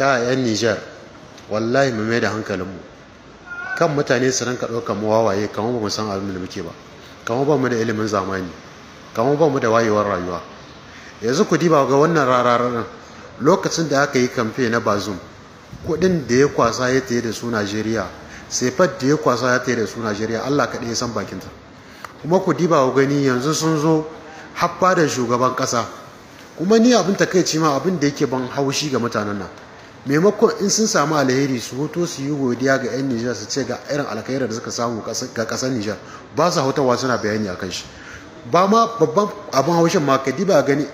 ka 'yan nijar wallahi mu mai da hankalinmu kan mutane su ranka ɗaukar mu wawaye kamar ba mu san abin da muke ba kamar ba mu da ilimin zamani kamar ba mu da wayewar rayuwa yanzu ku diba ga wannan rararren lokacin da aka yi kamfe na bazum kuɗin da ya kwasa ya taye da su najeriya sefat da ya kwasa ya taye da su najeriya allah kaɗai ya san bakinta kuma ku diba ku gani yanzu sun zo haffa da shugaban ƙasa kuma ni abin takaici ma abin da yake ban haushi ga mutanen nan maimakon in sun samu alheri su hoto su yi godiya ga 'yan nijar su ce ga irin alkhairar da suka samu ga kasar nijar ba su hautawa suna bayani a kan shi ba ma babban abin haushin ma ka diba gani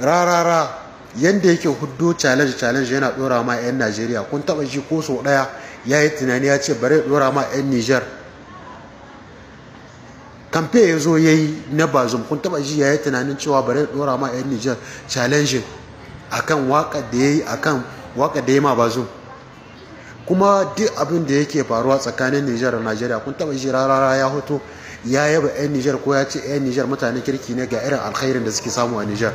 rarara yadda yake hudu challenge challenge yana dora ma 'yan najeriya kun taba ji ko sau daya ya yi tunani ya ce bari dora ma 'yan nijar kamfe ya zo ya yi na bazum kun taba ji ya yi tunanin cewa bari dora ma 'yan nijar challenge akan waka da ya yi akan waka da yama ba zo kuma duk abin da yake faruwa tsakanin Nijar da Najeriya kun taba shi rarara ya hoto ya yaba 'yan Nijar ko ya ce 'yan Nijar mutanen kirki ne ga irin alkhairin da suke samu a Nijar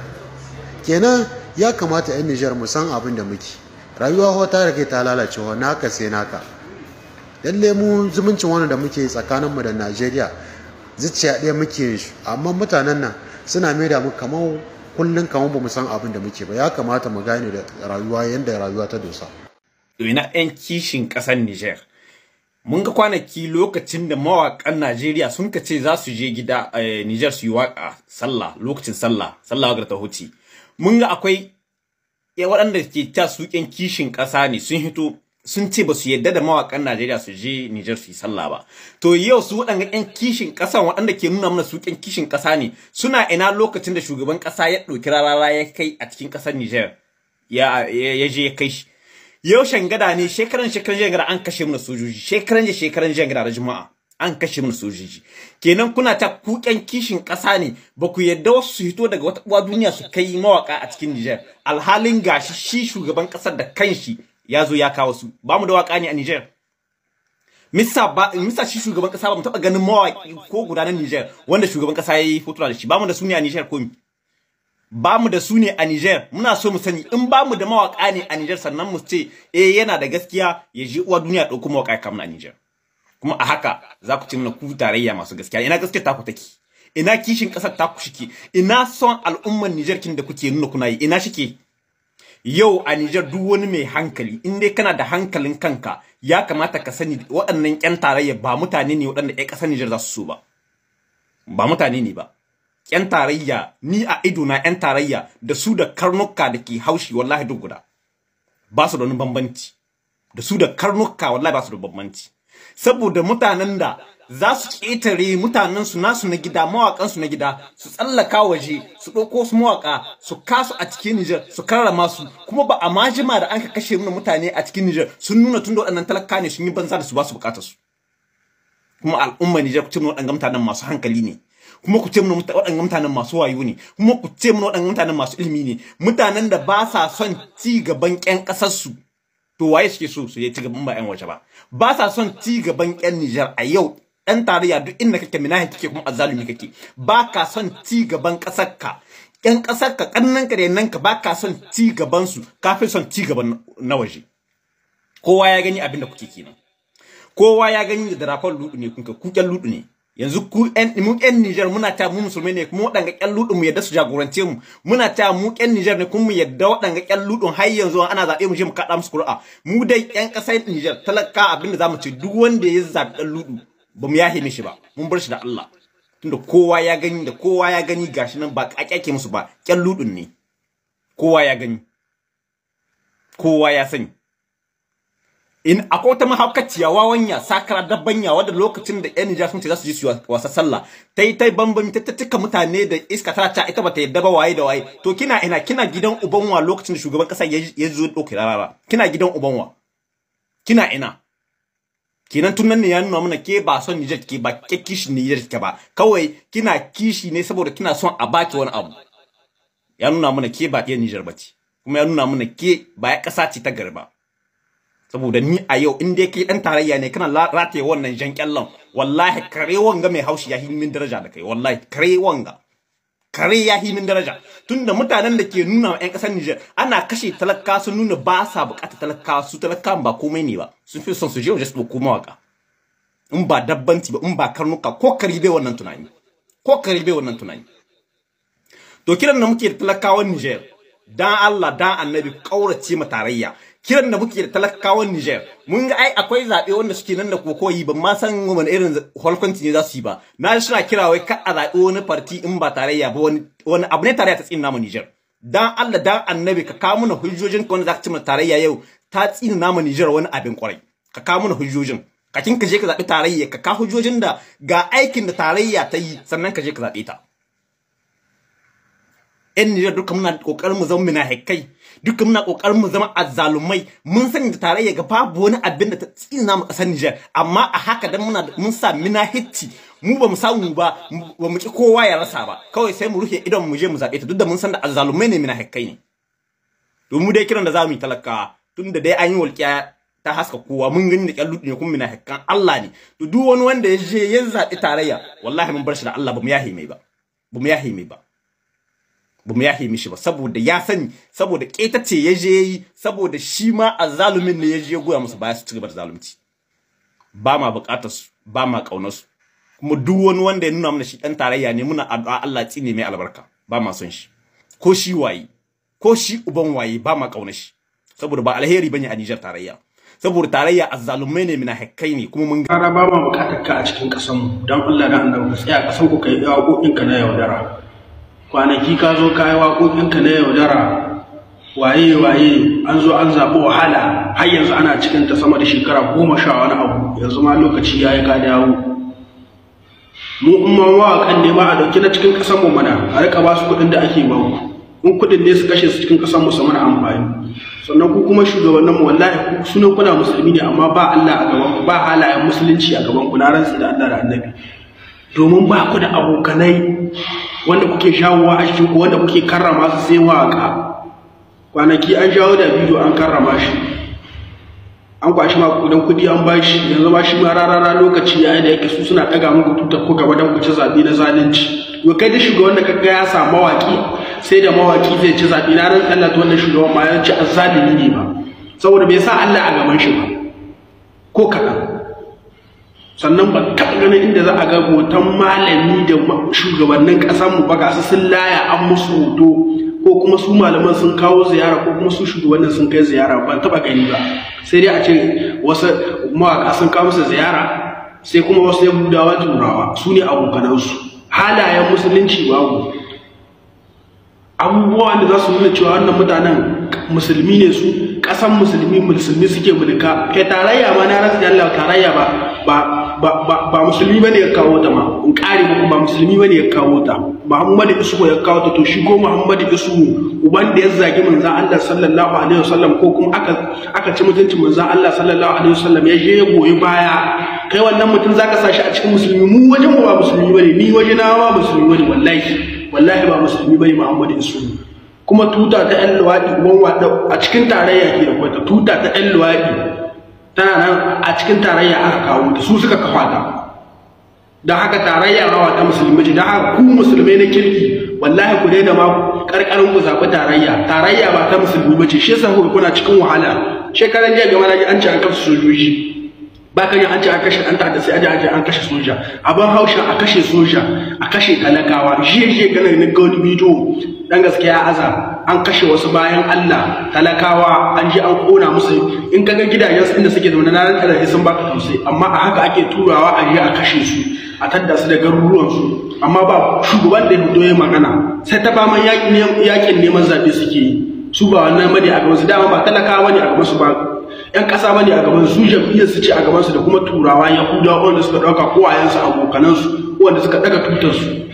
kenan ya kamata 'yan Nijar mu san abin da muke rayuwa ho ta rage ta lalace ho naka sai naka lalle mu zumuncin wani da muke tsakanin mu da Najeriya zuciya ɗaya muke shi amma mutanen nan suna maida mu kamar kullum kamar bamu san abin da muke ba ya kamata mu gane da rayuwa yadda rayuwa ta dosa ina yan kishin ƙasar Niger mun ga kwanaki lokacin da mawaƙan Najeriya sun ka ce za su je gida eh, Niger su yi waƙa sallah lokacin sallah sallah ga tahuti mun ga akwai eh, waɗanda ke ta su kishin ƙasa ne sun hito sun ce ba su yadda da mawakan Najeriya su je Nijar su yi sallah ba to yau su waɗanda ƴan kishin ƙasa waɗanda ke nuna mana su ƴan kishin ƙasa ne suna ina lokacin da shugaban ƙasa ya ɗauki rarara ya kai a cikin ƙasar Niger ya je ya kai shi yau shangada ne shekaran shekaran shangada an kashe mana sojoji shekaran je shekaran da juma'a an kashe mana sojoji kenan kuna ta kuƙen kishin ƙasa ne ba ku yadda wasu su hito daga wata uwa duniya su kai mawaka a cikin nijar. alhalin gashi shi shugaban ƙasar da kanshi ya zo ya kawo su ba mu da waka ne a Niger Mista ba shi shugaban kasa ba mu taba ganin mawa ko gudanar Niger wanda shugaban kasa yayi fotura da shi ba mu da su ne a Niger komi ba mu da su ne a Niger muna so mu sani in ba mu da mawaka ne a Niger sannan mu ce eh yana da gaskiya ya ji uwa duniya dauko mawaka kamar a Niger kuma a haka za ku ci mana ku tarayya masu gaskiya ina gaskiya ta ku take ina kishin kasar ta ku shike ina son al'ummar Niger kin da kuke nuna kuna yi ina shike yau a Nijar duk wani mai hankali in dai kana da hankalin kanka ya kamata ka sani waɗannan ƴan tarayya ba mutane ne waɗanda ƴan ƙasar Nijar za su so ba ba mutane ne ba ƴan tarayya ni a ido na ƴan tarayya da su da karnuka da ke haushi wallahi duk guda ba su da wani bambanci da su da karnuka wallahi ba su da bambanci saboda mutanen da za su ƙetare mutanensu nasu na gida mawaƙansu na gida su tsallaka waje su ɗauko su mawaƙa su kasu a cikin Nijar su karrama su kuma ba a majima da an ka kashe mana mutane a cikin Nijar sun nuna tun da waɗannan talaka ne sun yi banza da su ba su buƙatar su kuma al'umma Nijar ku ce mana waɗannan mutanen masu hankali ne kuma ku ce mana waɗannan mutanen masu wayo ne kuma ku ce mana waɗannan mutanen masu ilimi ne mutanen da ba sa son ci gaban ƙyan ƙasarsu su to waye suke so su yi ci gaban ba yan wace ba ba sa son ci gaban yan Nijar a yau ɗan tarayya duk inda kake minahi kake kuma azalumi kake ba ka son ci gaban ƙasar ka yan ƙasar ka ƙannan ka nan ka ba ka son ci gaban su ka fi son ci gaban na waje kowa ya gani abin da kuke kenan kowa ya gani da rafal ludu ne kun ka kuken ludu ne yanzu ku ƴan mu ƴan Niger muna ta mu musulmai ne kuma waɗanga ƴan ludun mu yadda su jagorance mu muna ta mu ƴan Niger ne kuma mu yadda waɗanga ƴan ludun har yanzu ana zaɓe mu je mu kaɗa musu mu dai ƴan ƙasar Niger talaka abinda zamu ce duk wanda ya zaɓi ɗan ludu ba mu yahe mishi ba mun bar shi da Allah tunda kowa ya gani da kowa ya gani gashi nan ba ke musu ba ƴan ludun ne kowa ya gani kowa ya sani in akwai wata mahaukaciya ya sakara dabanya wadda lokacin da yan Nijar sun ce za su ji su wasa sallah ta yi ta bambam ta ta cika mutane da iska tana ta ita ba ta yadda ba waye da waye to kina ina kina gidan ubanwa lokacin da shugaban kasa ya zo doke rarara kina gidan ubanwa kina ina kenan tun nan ne ya nuna mana ke ba son Nijar ke ba ke kishi Nijar ke ba kawai kina kishi ne saboda kina son a baki wani abu ya nuna mana ke ba ke Nijar ba ce kuma ya nuna mana ke ba ya kasa ce ta garba saboda ni a yau in dai kai dan tarayya ne kana rataye wannan jan kyallon wallahi kare wanga mai haushi ya min daraja da kai wallahi kare wanga kare ya min daraja tunda mutanen da ke nuna yan kasar Niger ana kashe talaka su nuna ba sa bukata talaka su talaka ba komai ne ba sun fi son su je just ko waka in ba dabbanci ba in ba karnuka ko kari bai wannan tunani ko kari bai wannan tunani to kiran da muke talakawan Niger dan Allah dan annabi kaurace ma tarayya kiran da muke da talakawan nijar mun ga ai akwai zaɓe wanda suke nan da kokoyi ban ma san wani irin holkwanci ne za su yi ba na suna kira wai kar a zaɓi wani farti in ba tarayya ba wani abu ne tarayya ta tsin namu Niger dan Allah dan annabi ka kawo mana hujjojin ka wanda za ka ci mana tarayya yau ta tsina namu Niger wani abin kwarai ka kawo mana hujjojin ka kin ka je ka zaɓi tarayya ka kawo hujjojin da ga aikin da tarayya ta yi sannan ka je ka zaɓe ta 'yan Nijar duka muna ƙoƙarin mu zama munafikai duka muna ƙoƙarin mu zama azzalumai mun san da tarayya ga babu wani abin da ta tsina mu kasar Nijar amma a haka dan muna mun sa munafici mu ba mu samu ba ba mu ki kowa ya rasa ba kawai sai mu rufe idon mu je mu zabe ta duk da mun san da azzalumai ne munafikai ne to mu dai kiran da za mu yi talaka da dai an yi walƙiya ta haska kowa mun gani da kyallu ne kuma mina Allah ne to duk wani wanda ya je ya zaɓi tarayya wallahi mun bar shi da Allah mu yahi mai ba mu yahi mai ba ba mu yahe mishi ba saboda ya sani saboda ƙetace ya je yi saboda shi ma a zalumin ne ya je ya goya musu baya su cigaba da zalunci ba ma buƙatar su ba ma ƙaunar su kuma duk wani wanda ya nuna mana shi ɗan tarayya ne muna addu'a Allah tsine mai albarka ba ma son shi ko shi waye ko shi uban waye ba ma ƙaunar shi saboda ba alheri bane a Nijar tarayya saboda tarayya azzalumai ne mina hakkai ne kuma mun gara ba ma buƙatar ka a cikin ƙasar dan Allah da annabi tsaya ƙasar ku kai yawo ka na yaudara kwanaki ka zo ka yi waƙoƙinka na yaudara waye waye an zo an zaɓi wahala har yanzu ana cikin ta sama da shekara goma sha wani abu yanzu ma lokaci ya yi ka dawo mu in ma mawaƙan ne ma a ɗauki na cikin ƙasar mu mana a rika ba su kuɗin da ake ba in kuɗin ne su kashe su cikin ƙasar mu su mana amfani sannan ku kuma shugabannin mu wallahi sunan kuna musulmi ne amma ba Allah a gaban ku ba halayen musulunci a gaban ku na ransu da Allah da Annabi domin ba ku da abokanai wanda kuke shawowa a cikin wanda kuke karrama su sai waka kwanaki an shawo da bidiyo an karrama shi an kwashi ma kudin kudi an ba shi yanzu ba shi ma rarara lokaci yayin da yake su suna ɗaga muku tuta ko gaba don ku ci zaɓe na zalunci to kai da shugaban da kaga ya samu mawaki sai da mawaki zai ci zaɓe na ran Allah to wannan shugaban ma ya ci azzalimi ne ba saboda bai sa Allah a gaban shi ba ko kaɗan sannan ba taɓa ganin inda za a ga hoton malami da shugabannin mu ba su sun laya an musu hoto ko kuma su malaman sun kawo ziyara ko kuma su shugabannin sun kai ziyara ba taɓa gani ba sai dai a ce wasu mawaƙa sun kawo musu ziyara sai kuma wasu ya wa turawa su ne abokanansu halayen musulunci babu abubuwa da za su nuna cewa wannan mutanen musulmi ne su ƙasan musulmi musulmi suke mulka kai tarayya ma na rasu yalla tarayya ba ba ba musulmi ba ne ya kawo ta ma in ƙari muku ba musulmi ba ne ya kawo ta muhammadu isuhu ya kawo ta to shi ko muhammadu isuhu uban da ya zagi manzan allah sallallahu alaihi wasallam ko kuma aka ci mutunci manzan allah sallallahu alaihi wasallam ya je ya goyi baya kai wannan mutum zaka sa shi a cikin musulmi mu wajen mu ba musulmi ba ne ni waje na ba musulmi ba ne wallahi wallahi ba musulmi ba ne muhammadu isuhu kuma tuta ta yan luwaɗi uban a cikin tarayya ke da tuta ta yan luwaɗi tana nan a cikin tarayya aka kawo da su suka kafa ta da haka tarayya a wata musulmi ce don haka ku musulmai na kirki wallahi ku da ma karkarin ku zaɓi tarayya tarayya ba ta musulmi ba ce shi yasa kuna cikin wahala shekaran jiya gama na an ce an kafa sojoji ba kan an ce an kashe ɗan ta'adda sai aje an kashe soja abin haushin a kashe soja a kashe talakawa jiya jiya ganin na wani bidiyo dan gaskiya azar an kashe wasu bayan Allah talakawa an ji an kona musu in kaga gidajen su inda suke zaune na tare sun baka tausayi amma a haka ake turawa a je a kashe su a tadda su da garuruwan su amma ba shugaban da ya ya magana sai ta faman yakin neman zaɓe suke yi su ba wannan bane a gaban su dama ba talakawa wani a gaban su ba yan ƙasa bane a gaban su jam'iyyar su ce a gaban su da kuma turawa yahudawa wanda suka ɗauka a abokanansu wanda suka ɗaga tutar su